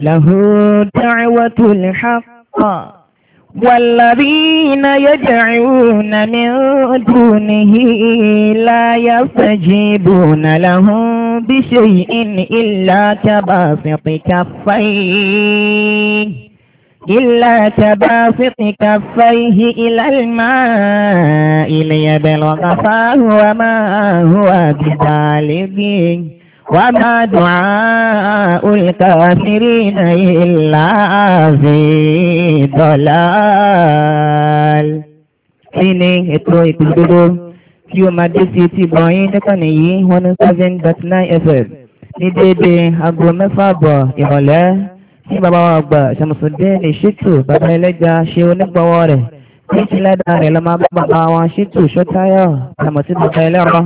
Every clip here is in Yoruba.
له دعوة الحق والذين يدعون من دونه لا يستجيبون لهم بشيء إلا كباسط كفيه إلا كباسط كفيه إلى الماء ليبلغ فهو ما هو بطالبه وما دعاء الكافرين إلا في ضلال kí ni ètò ìpìlódó tí ó máa dé sí ti bọ̀yìn nìkànnì yìí 107.9 FM ní dédé aago mẹ́fà bọ̀ ìrọ̀lẹ́ tí bàbá wa gbà ṣàmùsùndé ní ṣètò bàbá ẹlẹ́jà ṣe onígbọ̀wọ́ rẹ̀ tí ìṣẹ́lẹ́dà rẹ̀ lọ máa bá bàbá wọn ṣètò ṣọ́táyọ̀ ṣàmùsí bàbá ẹlẹ́rọ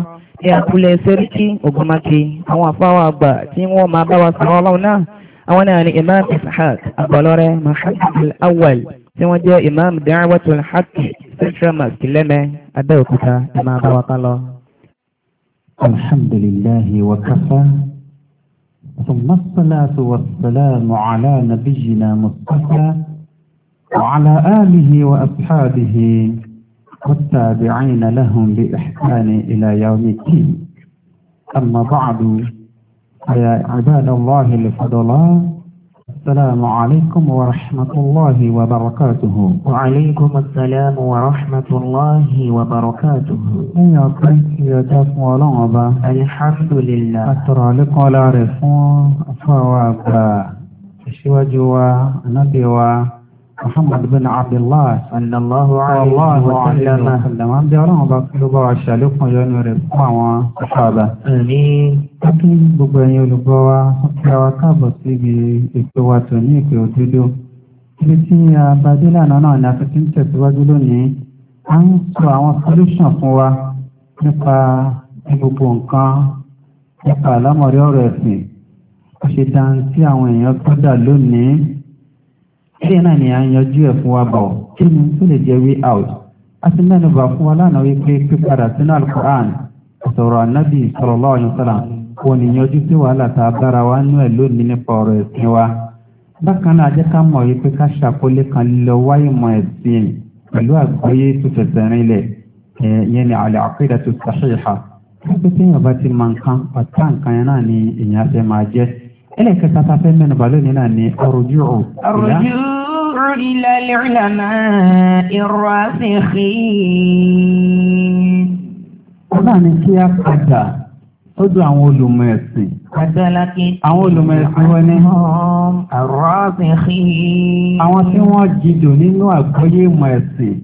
ní àkúlẹ̀ sẹ́ríkì ògùnmáke àwọn àfáwà àgbà tí wọ́n máa bá wa sọ̀rọ̀ ọlọ́run náà àwọn náà ni imam ishaq àgbàlọ́rẹ́ mahamud awal tí wọ́n jẹ́ imam da'watul haqq central mosque lẹ́mẹ́ abẹ́òkúta ẹ máa bá wa ká lọ. alhamdulillahi wa kafa ثم الصلاة والسلام على نبينا مصطفى وعلى آله وأصحابه والتابعين لهم بإحسان إلى يوم الدين أما بعد فيا عباد الله الفضلاء السلام عليكم ورحمة الله وبركاته وعليكم السلام ورحمة الله وبركاته يا قيت يا تفو لعبة الحمد لله أترى لك ولا رفو أفواب أشواجوا نبيوا Muhammad bin Abdullah sallallahu alaihi wa sallam àbí ọlọ́run bá kí ló bá wa ṣàlékún yọnu rẹ̀ fún àwọn ọ̀ṣọ́ba. Kí gbogbo ẹ̀yin olùgbọ́ wa kí wa káàbọ̀ síbi ètò wa tò ní ìpè òdodo. Ibi tí a bá dé lánàá náà ni a fi ti ń tẹ̀síwájú lónìí. A ń sọ àwọn solution fún wa nípa gbogbo nǹkan nípa àlámọ̀rí ọ̀rọ̀ ẹ̀sìn. Ó ṣe dáhùn sí àwọn èèyàn tó dà lónìí kí náà ni à ń yanjú ẹ̀ fún wa bọ̀ kí ni tó lè jẹ́ way out a ti mẹ́nu bà fún wa lánàá wípé pípadà sínú alukur'an sọ̀rọ̀ anabi sallallahu alaihi wasallam kò ní yanjú sí wàhálà tá a bára wa nú ẹ̀ lónìí nípa ọ̀rọ̀ ẹ̀sìn wa bákan náà ajẹ́ ká mọ̀ wípé ká ṣàkólé kan lọ wáyé mọ̀ ẹ̀sìn pẹ̀lú àgbáyé tó fẹsẹ̀ rinlẹ̀ ìyẹn ni al-aqidatu sahiha wípé téèyàn bá ti mọ nǹkan ọ̀tá nǹkan ẹlẹ́kẹta ta fẹ́ mẹ́nu balẹ̀ nínú àní ọ̀rọ̀júrò. ọ̀rọ̀júrò ilẹ̀ ìlànà ìrọ̀ àṣìṣe. ọ̀nà ni kí a padà ó dùn àwọn olùmọ̀ ẹ̀sìn. Adọ́lákì. Àwọn olùmọ̀ ẹ̀sìn wọn ni. Àrọ́ àṣìṣe. Àwọn tí wọ́n jìjò nínú àgbọ́yé ìmọ̀ ẹ̀sìn.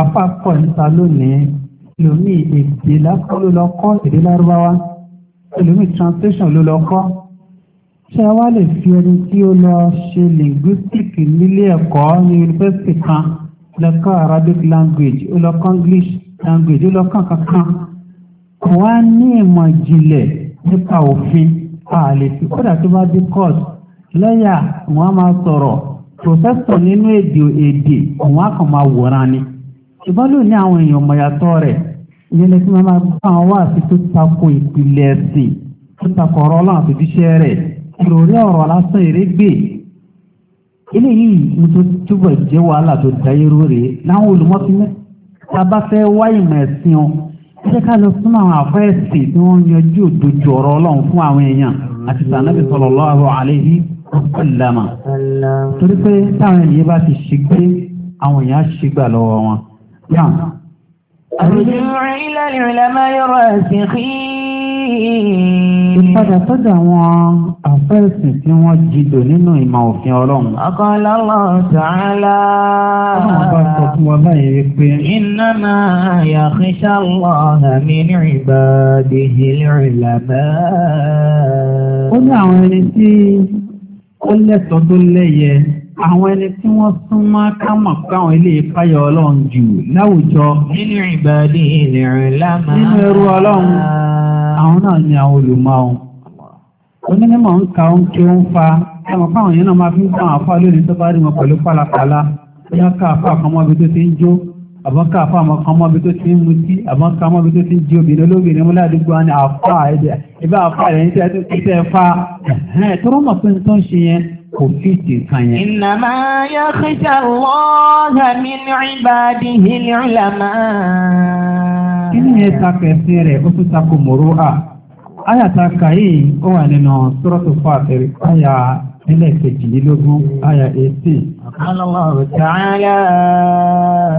Afá níta lónìí. Lòmí èdè lápá ló lọ èdè lárúbáwá. Lòmí translation ló lọ ṣé wá lè fi ẹni tí ó lọ ṣe linguistic nílé ẹ̀kọ́ ní yunifásitì kan lọ́kàn arabic language ó lọ́kàn english language ó lọ́kàn kankan kò wá ní ìmọ̀ ìjìnlẹ̀ nípa òfin àlè fi kódà tó bá dé court lọ́yà wọn á máa sọ̀rọ̀ pòfẹ́sọ̀ nínú èdè èdè òun á kàn máa wòran ni ṣùgbọ́n lónìí àwọn èèyàn mọ̀yàtọ̀ rẹ̀ ìyẹn lè fi máa gbọ́ àwọn wáàsí tó tako ìpìlẹ̀ ẹ̀sìn tó tako ọ̀rọ̀ ọlọ́run àti ojúṣe rẹ̀ ìròrí ọ̀rọ̀ lásán ìrégbè eléyìí mo tó túbọ̀ jẹ́ wàhálà tó dayé rúre láwọn olùmọ́fínlẹ̀ tá a bá fẹ́ wá ìmọ̀ ẹ̀sìn o ṣé ká lọ fún àwọn àfẹ́ ẹ̀sìn tí wọ́n yanjú òdodo ọ̀rọ̀ ọlọ́run fún àwọn èèyàn àti sànàbí sallallahu alaihi wasallam torí pé táwọn ènìyàn bá ti ṣègbè àwọn èèyàn á ṣègbà lọ́wọ́ wọn. الرجوع إلى العلماء الراسخين ti padà sọ́dọ̀ àwọn àfẹ́sìn tí wọ́n jìdò nínú ìmọ̀ òfin ọlọ́run. Ọkọ̀ọ́lá Allahu ta'ala. Ọlọ́run bá sọ fún wa báyìí wípé. Innama yakhsha Allaha min ibadihi al-ulama. Ó ní àwọn ẹni tí ó lẹ́tọ̀ọ́ tó lẹ́yẹ àwọn ẹni tí wọ́n sún mọ́ kámọ̀ káwọn ilé ìpáyọ̀ ọlọ́run jù láwùjọ nínú ìbàdí ìrìn lámà nínú ẹrú ọlọ́run àwọn náà ni àwọn olùmọ̀ ohun onímọ̀ ń ka ń ké ń fa ẹmọ̀ fáwọn yẹn náà máa fi ń fa àfa lónìí tó bá rí wọn pẹ̀lú pálapàla bóyá ká àfa kan mọ́bi tó ti ń jó àbọ̀n ká àfa tó ti ń mutí àbọ̀n ká mọ́bi tó ti ń jí obìnrin olóbìnrin mú ládùúgbò á ní àfa ẹ̀dẹ̀ ibà àfa rẹ̀ ń tẹ́ tó ti tẹ́ fa ẹ̀hẹ́n tó rọ́mọ̀ pé ń tó ń ṣe yẹn kò sí ti kan yẹn. Innama yakhsha Allaha min ibadihi al-ulama. Kí ni ẹ ta kẹsí rẹ̀ ó tún ta kò mòró à? Áyà kàyé ó wà nínú Suratul Fatir àyà nílẹ̀ kejìlélógún àyà ètè. Allahu ta'ala.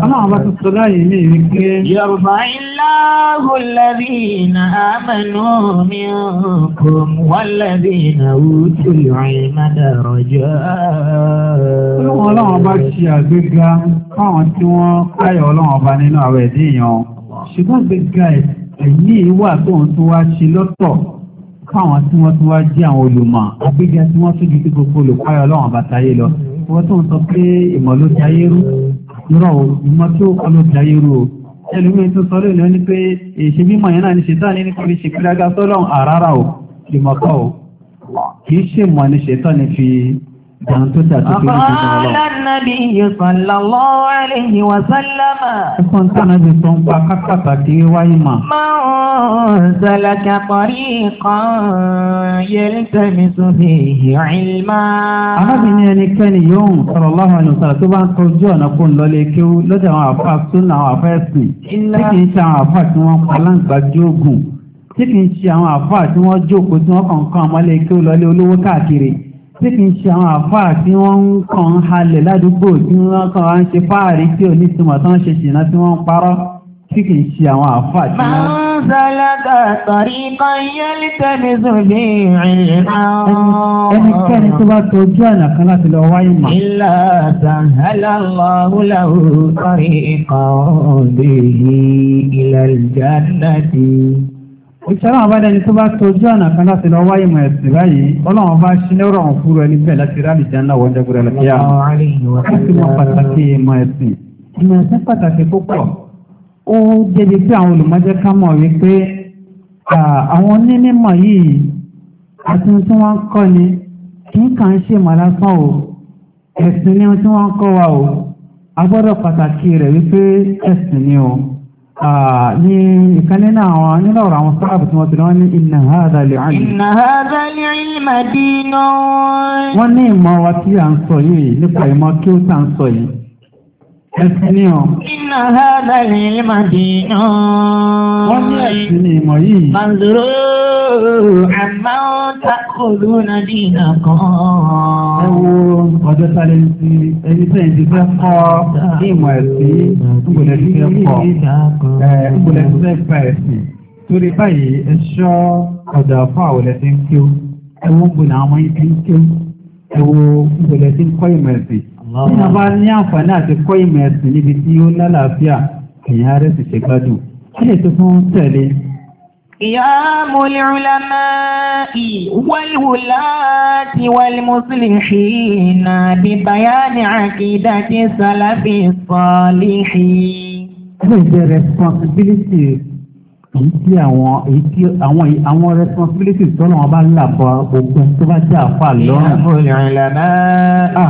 Aláwọ̀ bá tún sọ láyé ní ìrí pé. Yorùbá illáhù alladhina amanu minkum walladhina utul ilma daraja. Olúwọ̀n ọlọ́wọ̀n bá ṣe àgbéga fáwọn tí wọ́n káyọ̀ ọlọ́wọ̀n bá nínú àwẹ̀ dèèyàn. Ṣùgbọ́n gbéga ẹ̀yìn ìwà tóun tó wá ṣe lọ́tọ̀ káwọn tí wọ́n tún wá jẹ́ àwọn olùmọ̀ àgbéga tí wọ́n tún ju tí gbogbo olùkọ́yọ̀ ọlọ́run àbátáyé lọ wọ́n tún sọ pé ìmọ̀ ló ti ayé rú lọ́rọ̀ ìmọ̀ tí ó kọ́ ló ti ayé rú o ẹlòmíì tún sọ lónìí wọn ni pé èṣe mímọ̀ yẹn náà ní ṣètọ́ ní nípa fi ṣèkúrágá sọ́lọ́run àrárá o ìmọ̀kọ́ o kì í ṣèmọ̀ ní ṣètọ́ ní fi فقال النبي صلى الله عليه وسلم من سلك طريقا يلتمس فيه علما arábìnrin ẹnikẹ́ni yóò sallallahu alaihi wasallam tó bá ń tọ́jú ọ̀nà fún lọlé kí ó lọ́dẹ̀ àwọn àfáà súnà àwọn ṣe àwọn àfáà tí wọ́n pa láǹgbàjú ogun tí kìí ṣe àwọn àfáà tí wọ́n jókòó tí wọ́n kàn kàn mọ́lé kí ó lọlé olówó tí kìí ṣe àwọn àfáà tí wọ́n ń kàn ń halẹ̀ ládùúgbò tí wọ́n kàn wá ń ṣe fáàrí tí ò ní ìtumọ̀ tán ṣe ṣìnà tí wọ́n ń parọ́ tí kìí ṣe àwọn àfáà tí wọ́n. máa sọ̀rí kan yẹ́lí tẹ́lẹ̀ sọ̀bí ìrìn àwọn. ẹnikẹ́ni tó bá tọ́jú ọ̀nà kan láti lọ wáyé mọ̀. ilà sàhálà sọ̀rí kan bèèrè ìlàlùjá náà òṣèlú àwọn ẹni tó bá tójú ọ̀nà kan láti lọ wáyé mọ̀ ẹ̀sìn báyìí ọlọ́run bá ṣí ní rọrùn fúru ẹni bẹ́ẹ̀ láti ráàlì jẹ́ ńlá wọ́n dẹ́gbẹ̀rẹ̀ lọ́kẹ́yà láti mọ pàtàkì ìmọ̀ ẹ̀sìn ìmọ̀ ẹ̀sìn pàtàkì púpọ̀ ó jẹ́bi pé àwọn olùmọ́jẹ́ ká mọ̀ wípé àwọn onímọ̀ yìí àti tí wọ́n ń kọ́ ni kì í kàn ń ṣe mọ̀ lásán o ẹ̀sìn ni tí wọ́n ń kọ́ wa o a pàtàkì rẹ̀ wípé ẹ̀sìn ni o. Ah, ní ìkan nínú àwọn nínú ọ̀rọ̀ àwọn sáàbù tí wọ́n ti rán ní inna hadha li'ilm. inna hadha li'ilm dínú. wọ́n ní ìmọ̀ wa tí à ń sọ yìí nípa ìmọ̀ kí ó tà ń sọ yìí. ẹ̀sìn ni ọ. inna hadha li'ilm dínú. wọ́n ní ẹ̀sìn ni ìmọ̀ yìí. manzuru amma ta'khuduna dinakum wo ọjọ́ sáré ti ẹni tẹ́ ẹ̀ ti fẹ́ kọ́ ìmọ̀ ẹ̀sìn ìgbòlẹ̀ ti fẹ́ kọ́ ìgbòlẹ̀ ti fẹ́ gba ẹ̀sìn torí báyìí ẹ̀ṣọ́ ọ̀dà fún àwọlẹ̀ ti ń kí ó ẹwọ́ gbòlẹ̀ àwọn yìí ti ń kí ó ẹwọ́ gbòlẹ̀ ti ń kọ́ ìmọ̀ ẹ̀sìn tí a bá ní àǹfààní àti kọ́ ìmọ̀ ẹ̀sìn níbi tí ó lálàáfíà èèyàn rẹ̀ sì ṣe gbádùn kí lè tó fún tẹ̀lé قيام العلماء والولاة والمصلحين ببيان عقيدة السلف الصالح. èyí tí àwọn èyí tí àwọn àwọn responsibility tọ́lọ̀ wọn bá ń là bọ̀ gbogbo tó bá jẹ́ àfa lọ́rùn. Ìyá mo lè rìn lẹ́nà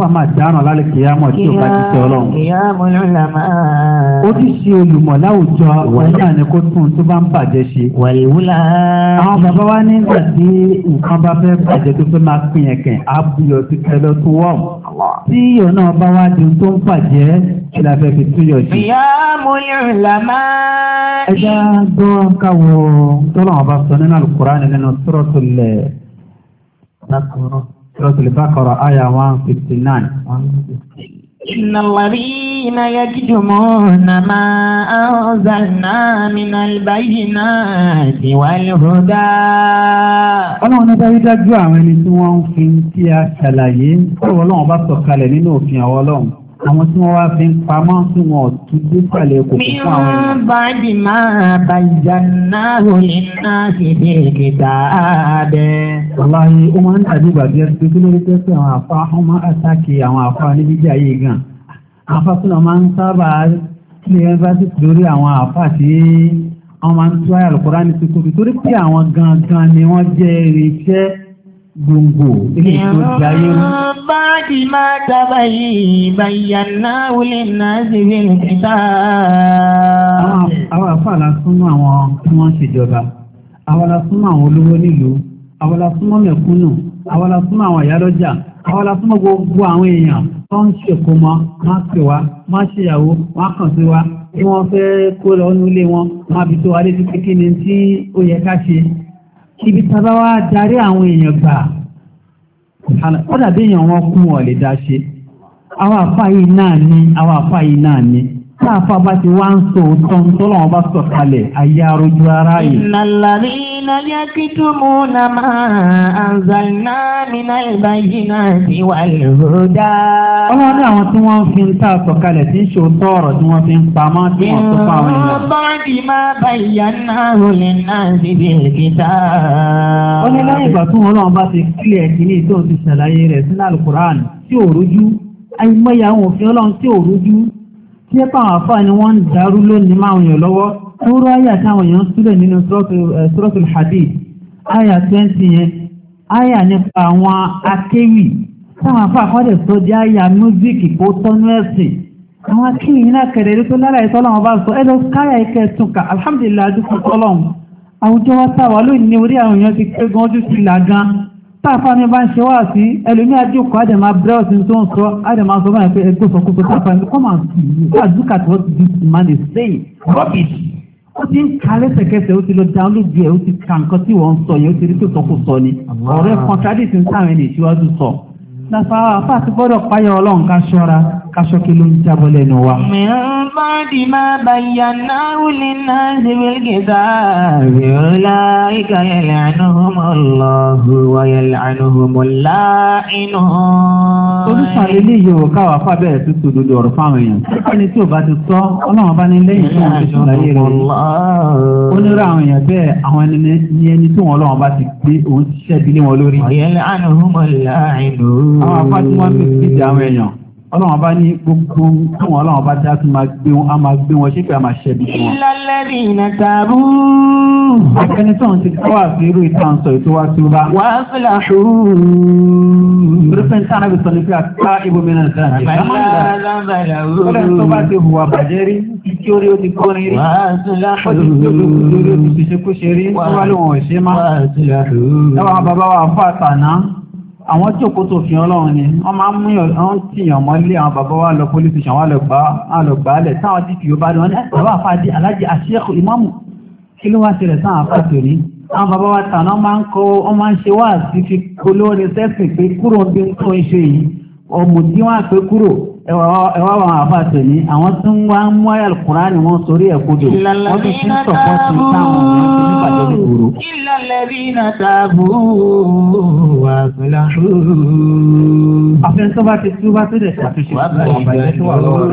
àfà máa dáràn lálẹ́ kìyàmọ̀ tí ó bá ti tẹ ọlọ́run. ó ti ṣe olùmọ̀ láwùjọ wọ̀nyí àní kó tún tó bá ń bàjẹ́ ṣe. wàlíwúlà. àwọn bàbá wa nígbà tí nǹkan bá fẹ́ bàjẹ́ tó fẹ́ máa pín ẹ̀kẹ́ àbúyọ̀ ti tẹ lọ tún wọ̀. tí ìyọ̀ náà bá wá di tó ń bàjẹ́ kí la fẹ́ fi túyọ̀ sí. ìyá ẹja gbọ́ Suratul Baqara àyà 159. إن الذين يكتمون ما أنزلنا من البينات والهدى Ọlọ́run ní dárí dájú àwọn ẹni tí wọ́n ń fi tí a ṣàlàyé, Ọlọ́run bá sọ̀kalẹ̀ nínú òfin àwọn Ọlọ́run àwọn tí wọ́n wá fi ń pamọ́ tí wọ́n tún dé pàlẹ̀ kò fún àwọn èèyàn. mi bá di máa bá ìjànà òní náà sì dé kìtà ààbẹ. wàláyé ó máa ń dàbí ìgbàgbé ẹsẹ̀ kí lórí pé pé àwọn àfa wọn máa àtàkì àwọn àfa níbi jà yìí gan. àfa fúnra máa ń sábà kílẹ̀ ẹ̀fásitì lórí àwọn àfa tí wọ́n máa ń tú àyàlùkọ́rá ní tuntun torí pé àwọn gangan ni wọ́n jẹ́ irinṣẹ́ gbòǹgbò ilé ìtò ìdáyé rú. Báàdì máa dábàá yìí bàyànná wọlé náà ṣe fi lè kíta. Àwọn àfàlà súnmọ́ àwọn tí wọ́n ṣèjọba. Àwọn la súnmọ́ àwọn olówó nílùú. Àwọn la súnmọ́ mẹ̀kúnnù. Àwọn la súnmọ́ àwọn àyálọ́jà. Àwọn la súnmọ́ gbogbo àwọn èèyàn tó ń ṣèkó má pè wá, má ṣèyàwó, má kàn sí wa. Bí wọ́n fẹ́ kó lọ nílé wọn, má fi tó wa létí pé kí tí ó yẹ ká ṣe. ibi tàbá wá darí àwọn èèyàn gbà ó dàbí èèyàn wọn kún wọn lè dá ṣe àwọn àfa yìí náà ní àwọn àfa yìí náà ní táàfà bá ti wá ń sọ òótọ́ ń tọ́lọ́wọ́n bá sọ̀kalẹ̀ ayé arójú ara yìí. الذين يكتمون ما أنزلنا من البينات والهدى Ọlọ́run ní àwọn tí wọ́n fi ń tà sọ̀kalẹ̀ tí ń ṣe òótọ́ ọ̀rọ̀ tí wọ́n fi ń pamọ́ tí wọ́n tó pa àwọn èèyàn. Bọ́ọ̀dì máa bàyà náà olè náà síbi ìkìtà. Ó ní lẹ́yìn ìgbà tí wọ́n lọ́wọ́ bá ti kílẹ̀ kíní tó ti ṣàlàyé Kúrú ayà táwọn èèyàn sílẹ̀ nínú eh, Suratul Hadid, ayà 20 yẹn, ayà nípa àwọn akéwì, táwọn afá àkọ́dẹ̀ sọ ayà múzíkì kó tọ́nú ẹ̀sìn. Àwọn akéwì iná kẹ̀rẹ̀ rí tó ṣe wá sí ẹlòmí àjòkó àdèmà Brẹ́ọ̀sì tó ń sọ àdèmà sọ báyìí pé ẹgbẹ́ sọkúso táàfà kọ́ máa ń sùn ní ti di ìmánì sẹ́yìn rọ́bìtì ó ti ń ka lẹ́sẹ̀kẹsẹ̀ ó ti lọ download ẹ̀ ó ti ka nǹkan tí wọ́n ń sọ yẹn ó ti rí tòótọ́ kò sọ ni ọ̀rẹ́ contradict ń sáwọn ẹni ìṣíwájú sọ. lásán àfa àti gbọ́dọ̀ páyọ̀ ọlọ́run ká ṣọ́ra kásọ́kí ló ń jábọ́ lẹ́nu wa. mìíràn bá di máa bàyà náà wùlé náà ṣe wílgì sáàbì ọ̀la ìka yẹlẹ̀ ànúhùmọ̀ lọ́hù wà yẹlẹ̀ ànúhùmọ̀ láìnú. olùsàlẹ̀ ní ìyẹ̀wò káwà fábẹ́ ẹ̀ tó tòdodo ọ̀rọ̀ fáwọn èèyàn. ẹni tí ò bá ti sọ ọlọ́run bá ní lẹ́yìn tó ń fi sùn láyé rẹ̀. ó ní ra àwọn èèyàn bẹ́ẹ̀ àwọn ẹni tí wọn ọlọ́run bá ti gbé òun ṣiṣẹ́ bí lé wọn lórí. ọ̀yẹ́lẹ̀ ànúhùmọ̀ láìnú. àwọn apá tí wọ́n fi ọlọ́wọ́n bá ní gbogbo fún ọlọ́wọ́n bá dá a máa gbé wọn ṣé pé a máa ṣẹ́bi fún wọn. ìlọlẹ́rì iná tààrú. akẹ́ni tó ń ti kọ́ àti ìtàn sọ ètò wa tí bá. wà á fìlà ṣòro. pírísẹ́ńtì tánà bí sọ ní pé àká ibòmí náà dára. ọlọ́run bá ti hùwà bàjẹ́ rí kí orí ó ti kọ́rin rí. wà á fìlà ṣòro. ó ti ṣe kó ṣe rí. wà á fìlà ṣòro àwọn tí òkú tó fi ọlọ́run ni wọ́n máa ń mú ọ̀hún tí yàn mọ́ lé àwọn bàbá wa lọ police station wà lọ gbà á lọ gbà á lẹ̀ táwọn tí kìí ó bá lọ ní eh, bàbá àfáàdé alájẹ àṣẹ́kù ìmáàmù kí ló wá ṣẹlẹ̀ sáwọn àfáàtò wa tàná máa ń kọ́ wọ́n máa ń ọmọ tí wọ́n àpé kúrò ẹwà wọn àfàtẹ̀ ní àwọn tí wọ́n mú ayàl kúrá ni wọ́n sórí ẹ̀kọ́dọ̀ wọ́n ti fi ń sọ̀kọ́ sí táwọn ọmọ tí wọ́n bàjẹ́ kúrò. ìlàlẹ́bínà tààbù wà pẹ̀lá. àfẹ́ńtọ́ bá tó dẹ̀ ṣàtúnṣe wọn bàjẹ́ tó wà lọ́wọ́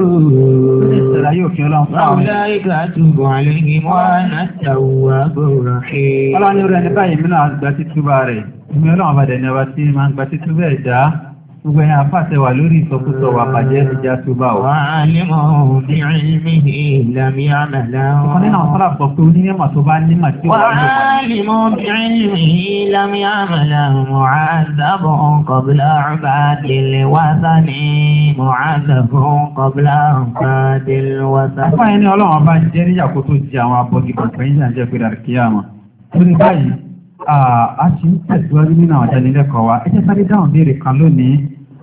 ìṣẹ̀lá yóò fi ọlọ́run fún àwọn. ọlọ́run ìgbà àtúbọ̀ àlẹ́ ni wọ́n á tàwọ̀ àbọ̀rọ̀ ṣe. ọlọ́run gbogbo ẹ̀yà fàṣẹwà lórí ìsọkúsọ wà bàjẹ́ ìjà tó bá wà. àlẹ́mọ̀ bí ilmi ìlàmì àmàlà. ọkàn nínú àwọn sọ́ra gbọ́ pé onímọ̀ tó bá nímọ̀ tí wọ́n lò. àlẹ́mọ̀ bí ilmi ìlàmì àmàlà mọ̀ázàbọ̀ kọ̀bílà ọ̀bàdìlẹ̀ wásánì mọ̀ázàbọ̀ kọ̀bílà ọ̀bàdìlẹ̀ wásánì. ọkàn yẹn ni ọlọ́run bá jẹ́ níyà kó tó á ti ń tẹ̀síwájú nínú àwọn ìdánilẹ́kọ̀ọ́ wa ẹ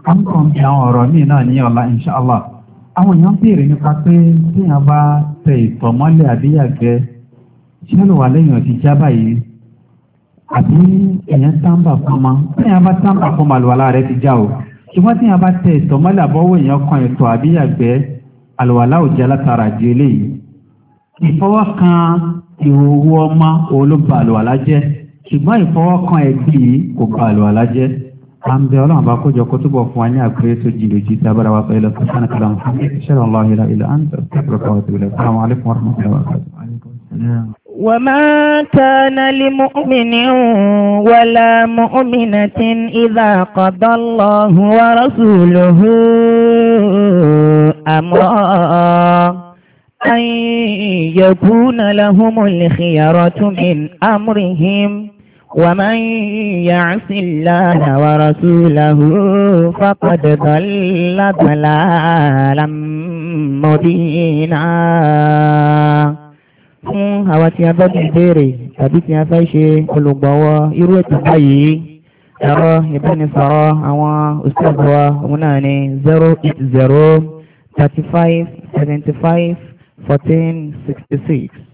kọ́ńkọ́n bí àwọn ọ̀rọ̀ míì náà ní ọ̀la inṣàlá àwọn èèyàn béèrè nípa pé téèyàn bá tẹ ìtọ̀mọ́lẹ̀ àbíyàgbẹ́ ṣé ló wà lẹ́yìn ọ̀tí já báyìí àbí èèyàn táǹbà fọmọ téèyàn bá táǹbà fọmọ àlùwàlá rẹ ti já o ṣùgbọ́n téèyàn bá tẹ ìtọ̀mọ́lẹ̀ àbọ̀wọ̀ èèyàn kan ìtọ̀ àbíyàgbẹ́ àlùwàlá ò já látara àjẹ eléyìí ìfọwọ́ kan ìhòòhò ọmọ olóba jẹ́ ṣùgbọ́n ìfọwọ́ kan ẹ̀gbìn kò ba jẹ́ باكو جو كتب وفواني أكريتو جيلو جيتا برا سبحانك إلا أنت إليك السلام عليكم ورحمة الله وبركاته وما كان لمؤمن ولا مؤمنة إذا قضى الله ورسوله أمرا أن يكون لهم الخيرة من أمرهم ومن يعص الله ورسوله فقد ضل ضلالا مبينا fún àwọn tí a bá ní ìbéèrè tàbí tí a fẹ́ ṣe olùgbọ̀wọ́ irú ètò báyìí ẹ̀rọ ìbánisọ̀rọ̀ àwọn òṣèlúwà òun náà ni 080 35 75 14 66